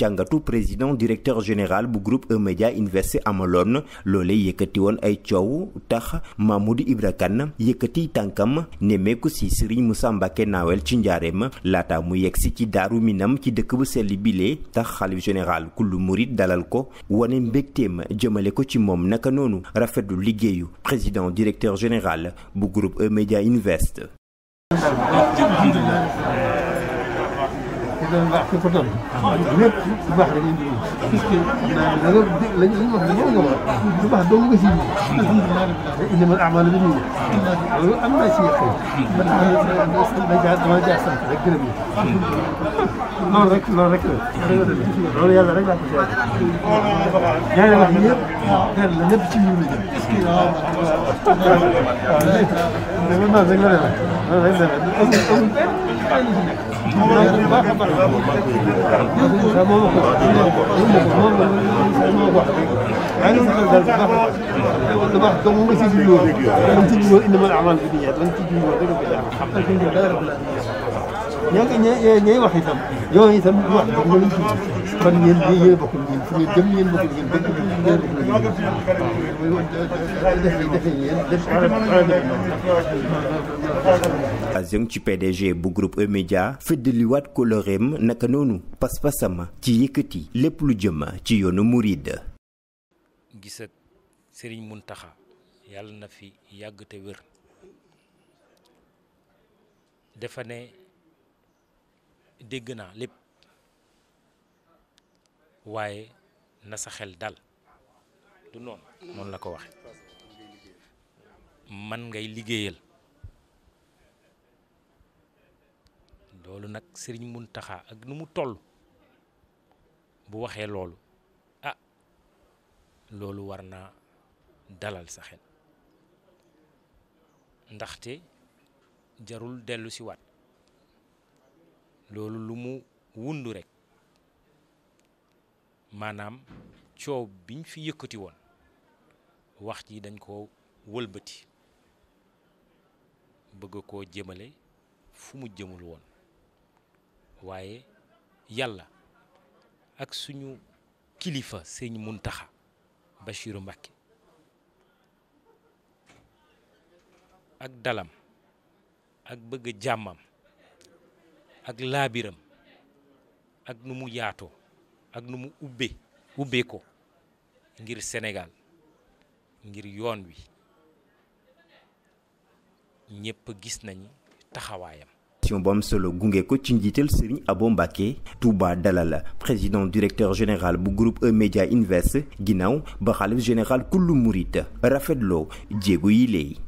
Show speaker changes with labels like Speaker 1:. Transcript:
Speaker 1: jàngatu président directeur général bu groupe E-Media Invest amaloon loole yëkkati woon ay coow tax Mamadou Ibra Kane yëkkati tànkam nemmeeku ci Serigne Moussa Mbacké Nawel ci njaareem laata mu yegsi ci Daaru Minam ci dëkk bu sell bile tax xalif général kullu murit dalal ko wane mbégteem jëmale ko ci moom naka noonu rafetu liggéeyu président directeur général bu groupe E-Media te doon baax te ko toll. lépp lu baax rek indi moom. puisque naa la nga li ñu wax nii nga wax. lu baax doo nga siy ñëw. alhamdulilah te indi man amaana bi ñuy ñëw. loolu am naa ci yaqin. man man man damaa jaar sant rek gërëm la. loolu rek loolu rek la. loolu yàlla rek laa ko seet.
Speaker 2: ñaari wax yëpp.
Speaker 1: benn la ñëpp ci ñun la jëm. waaw waaw waaw. dama naan rek la ne la. loolu rek la ne la amul amul benn benn bu ci nekk. waaw waaw waaw waaw ñoo ngi ñooy ci PDG bu group E-Media fëddaliwaat koloreem naka noonu pas-pasam ci yëkkati lépp lu jëm ci yoonu Mouride.
Speaker 2: gis ak Serigne Mountakha yàlla na fi yàgg te wér dafa dégg naa lépp waaye na sa xel dal du noonu noonu la ko wax man ngay liggéeyal loolu nag sëriñ Muntaxa ak nu mu toll bu waxee loolu ah loolu war naa dalal sa xel ndaxte jarul dellu si waat loolu lu mu wund rekk maanaam coow biñ fi yëkkati woon wax ji dañ koo wëlbati bëgg koo jëmale fu mu jëmul woon waaye yàlla ak suñu kilifa sëñ Muntaxa Bachiru Mbàkke ak dalam ak bëgg jàmmam ak laabiram ak nu mu yaatoo ak nu mu ubbe ubbee ko ngir senegal ngir yoon wi ñëpp gis nañu taxawaayam.
Speaker 1: sion solo gunge ko ci njiital Serigne Abo Touba Dalal président directeur général bu groupe E-Media Invest ginnaaw ba xalif général kullu murit rafetloo jéego yi léey